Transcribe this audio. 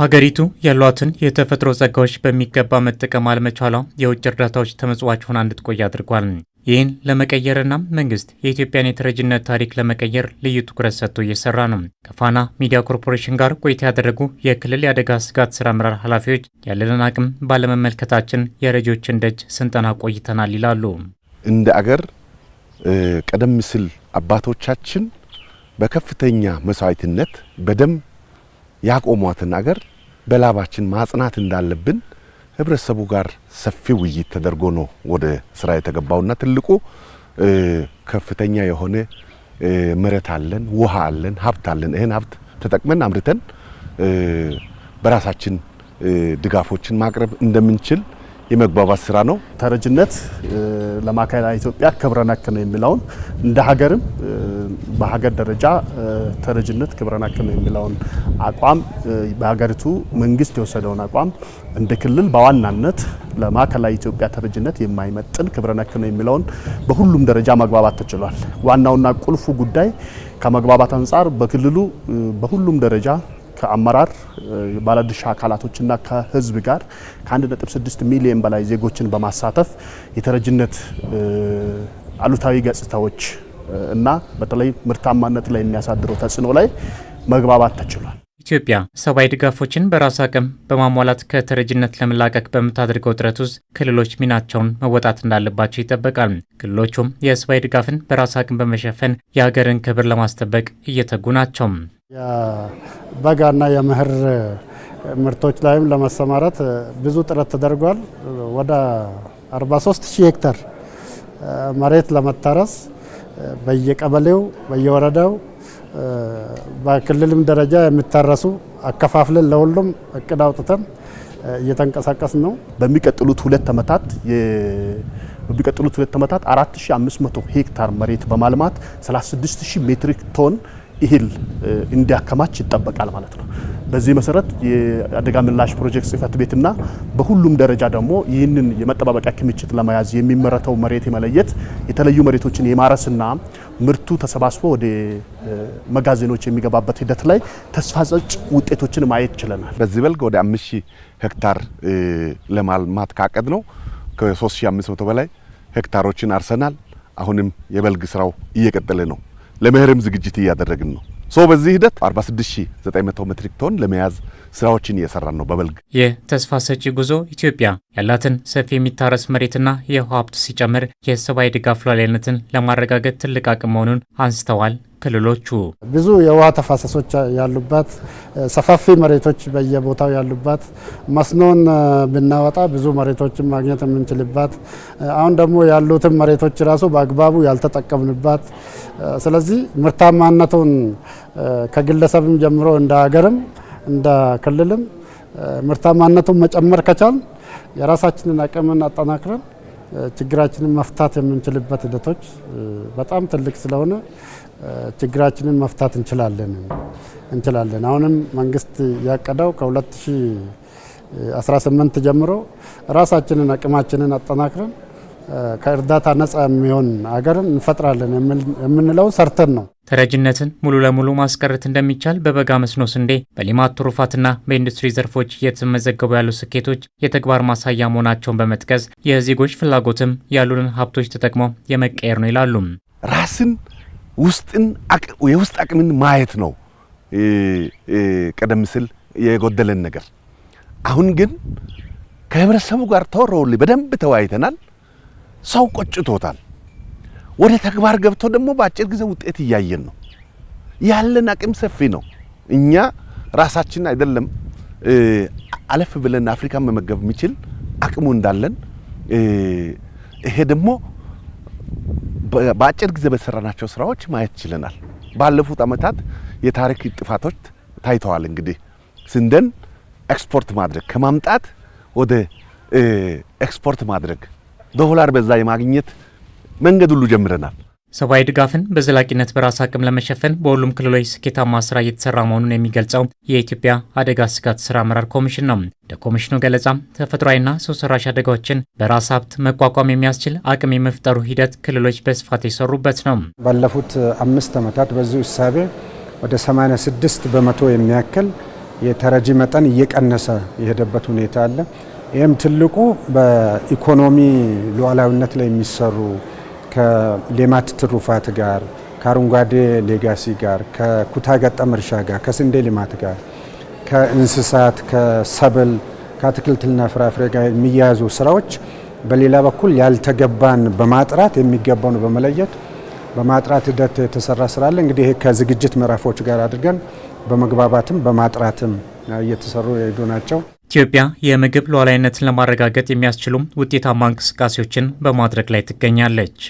ሀገሪቱ ያሏትን የተፈጥሮ ጸጋዎች በሚገባ መጠቀም አለመቻሏ የውጭ እርዳታዎች ተመጽዋች ሆና እንድትቆይ አድርጓል። ይህን ለመቀየርና መንግስት የኢትዮጵያን የተረጅነት ታሪክ ለመቀየር ልዩ ትኩረት ሰጥቶ እየሰራ ነው። ከፋና ሚዲያ ኮርፖሬሽን ጋር ቆይታ ያደረጉ የክልል የአደጋ ስጋት ስራ አመራር ኃላፊዎች ያለንን አቅም ባለመመልከታችን የረጂዎችን ደጅ ስንጠና ቆይተናል ይላሉ። እንደ አገር ቀደም ሲል አባቶቻችን በከፍተኛ መስዋዕትነት በደም ያቆሟትን አገር በላባችን ማጽናት እንዳለብን ህብረተሰቡ ጋር ሰፊ ውይይት ተደርጎ ነው ወደ ስራ የተገባውና ትልቁ ከፍተኛ የሆነ መሬት አለን፣ ውሃ አለን፣ ሀብት አለን። ይህን ሀብት ተጠቅመን አምርተን በራሳችን ድጋፎችን ማቅረብ እንደምንችል የመግባባት ስራ ነው። ተረጅነት ለማዕከላዊ ኢትዮጵያ ክብረ ነክ ነው የሚለውን እንደ ሀገርም በሀገር ደረጃ ተረጅነት ክብረ ነክ ነው የሚለውን አቋም በሀገሪቱ መንግስት የወሰደውን አቋም እንደ ክልል በዋናነት ለማዕከላዊ ኢትዮጵያ ተረጅነት የማይመጥን ክብረ ነክ ነው የሚለውን በሁሉም ደረጃ መግባባት ተችሏል። ዋናውና ቁልፉ ጉዳይ ከመግባባት አንጻር በክልሉ በሁሉም ደረጃ ከአመራር ባለድርሻ አካላቶችና ከህዝብ ጋር ከ1.6 ሚሊዮን በላይ ዜጎችን በማሳተፍ የተረጅነት አሉታዊ ገጽታዎች እና በተለይ ምርታማነት ላይ የሚያሳድረው ተጽዕኖ ላይ መግባባት ተችሏል። ኢትዮጵያ ሰብአዊ ድጋፎችን በራስ አቅም በማሟላት ከተረጅነት ለመላቀቅ በምታደርገው ጥረት ውስጥ ክልሎች ሚናቸውን መወጣት እንዳለባቸው ይጠበቃል። ክልሎቹም የሰብአዊ ድጋፍን በራሱ አቅም በመሸፈን የሀገርን ክብር ለማስጠበቅ እየተጉ ናቸው። የበጋና የምህር ምርቶች ላይም ለመሰማራት ብዙ ጥረት ተደርጓል። ወደ 43 ሺህ ሄክታር መሬት ለመታረስ በየቀበሌው በየወረዳው በክልልም ደረጃ የሚታረሱ አከፋፍለን ለሁሉም እቅድ አውጥተን እየተንቀሳቀስ ነው። በሚቀጥሉት ሁለት ዓመታት በሚቀጥሉት ሁለት ዓመታት 4500 ሄክታር መሬት በማልማት 36000 ሜትሪክ ቶን እህል እንዲያከማች ይጠበቃል ማለት ነው። በዚህ መሰረት የአደጋ ምላሽ ፕሮጀክት ጽህፈት ቤትና በሁሉም ደረጃ ደግሞ ይህንን የመጠባበቂያ ክምችት ለመያዝ የሚመረተው መሬት የመለየት የተለዩ መሬቶችን የማረስና ምርቱ ተሰባስቦ ወደ መጋዘኖች የሚገባበት ሂደት ላይ ተስፋ ውጤቶችን ማየት ችለናል። በዚህ በልግ ወደ 5000 ሄክታር ለማልማት ካቀድ ነው ከ3500 በላይ ሄክታሮችን አርሰናል። አሁንም የበልግ ስራው እየቀጠለ ነው። ለመኸርም ዝግጅት እያደረግን ነው። ሶ በዚህ ሂደት 46900 ሜትሪክ ቶን ለመያዝ ስራዎችን እየሰራን ነው። በበልግ የተስፋ ሰጪ ጉዞ ኢትዮጵያ ያላትን ሰፊ የሚታረስ መሬትና የውሃ ሀብት ሲጨምር የሰብአዊ ድጋፍ ሉዓላዊነትን ለማረጋገጥ ትልቅ አቅም መሆኑን አንስተዋል። ክልሎቹ ብዙ የውሃ ተፋሰሶች ያሉባት ሰፋፊ መሬቶች በየቦታው ያሉባት፣ መስኖን ብናወጣ ብዙ መሬቶችን ማግኘት የምንችልባት፣ አሁን ደግሞ ያሉትን መሬቶች ራሱ በአግባቡ ያልተጠቀምንባት፣ ስለዚህ ምርታማነቱን ከግለሰብም ጀምሮ እንደ ሀገርም እንደ ክልልም ምርታማነቱን መጨመር ከቻል የራሳችንን አቅምን አጠናክረን ችግራችንን መፍታት የምንችልበት ሂደቶች በጣም ትልቅ ስለሆነ ችግራችንን መፍታት እንችላለን እንችላለን። አሁንም መንግስት ያቀደው ከ2018 ጀምሮ ራሳችንን አቅማችንን አጠናክረን ከእርዳታ ነጻ የሚሆን አገርን እንፈጥራለን የምንለውን ሰርተን ነው። ተረጅነትን ሙሉ ለሙሉ ማስቀረት እንደሚቻል በበጋ መስኖ ስንዴ፣ በሌማት ትሩፋትና በኢንዱስትሪ ዘርፎች እየተመዘገቡ ያሉ ስኬቶች የተግባር ማሳያ መሆናቸውን በመጥቀስ የዜጎች ፍላጎትም ያሉንን ሀብቶች ተጠቅመው የመቀየር ነው ይላሉ። ራስን ውስጥን የውስጥ አቅምን ማየት ነው። ቀደም ሲል የጎደለን ነገር አሁን ግን ከህብረተሰቡ ጋር ተወረውል በደንብ ተወያይተናል። ሰው ቆጭቶታል። ወደ ተግባር ገብቶ ደግሞ በአጭር ጊዜ ውጤት እያየን ነው። ያለን አቅም ሰፊ ነው። እኛ ራሳችን አይደለም አለፍ ብለን አፍሪካን መመገብ የሚችል አቅሙ እንዳለን ይሄ ደግሞ በአጭር ጊዜ በሰራናቸው ስራዎች ማየት ችለናል። ባለፉት ዓመታት የታሪክ ጥፋቶች ታይተዋል። እንግዲህ ስንዴን ኤክስፖርት ማድረግ ከማምጣት ወደ ኤክስፖርት ማድረግ ዶላር በዛ የማግኘት መንገድ ሁሉ ጀምረናል። ሰብአዊ ድጋፍን በዘላቂነት በራስ አቅም ለመሸፈን በሁሉም ክልሎች ስኬታማ ስራ እየተሰራ መሆኑን የሚገልጸው የኢትዮጵያ አደጋ ስጋት ስራ አመራር ኮሚሽን ነው። ኮሚሽኑ ገለጻም ተፈጥሯዊና ሰው ሰራሽ አደጋዎችን በራስ ሀብት መቋቋም የሚያስችል አቅም የመፍጠሩ ሂደት ክልሎች በስፋት የሰሩበት ነው። ባለፉት አምስት ዓመታት በዚሁ እሳቤ ወደ 86 በመቶ የሚያክል የተረጂ መጠን እየቀነሰ የሄደበት ሁኔታ አለ። ይህም ትልቁ በኢኮኖሚ ሉዓላዊነት ላይ የሚሰሩ ከሌማት ትሩፋት ጋር ከአረንጓዴ ሌጋሲ ጋር ከኩታ ገጠም እርሻ ጋር ከስንዴ ልማት ጋር ከእንስሳት ከሰብል ከአትክልትና ፍራፍሬ ጋር የሚያያዙ ስራዎች በሌላ በኩል ያልተገባን በማጥራት የሚገባውን በመለየት በማጥራት ሂደት የተሰራ ስራ አለ። እንግዲህ ይሄ ከዝግጅት ምዕራፎች ጋር አድርገን በመግባባትም በማጥራትም እየተሰሩ የሄዱ ናቸው። ኢትዮጵያ የምግብ ሉዓላዊነትን ለማረጋገጥ የሚያስችሉም ውጤታማ እንቅስቃሴዎችን በማድረግ ላይ ትገኛለች።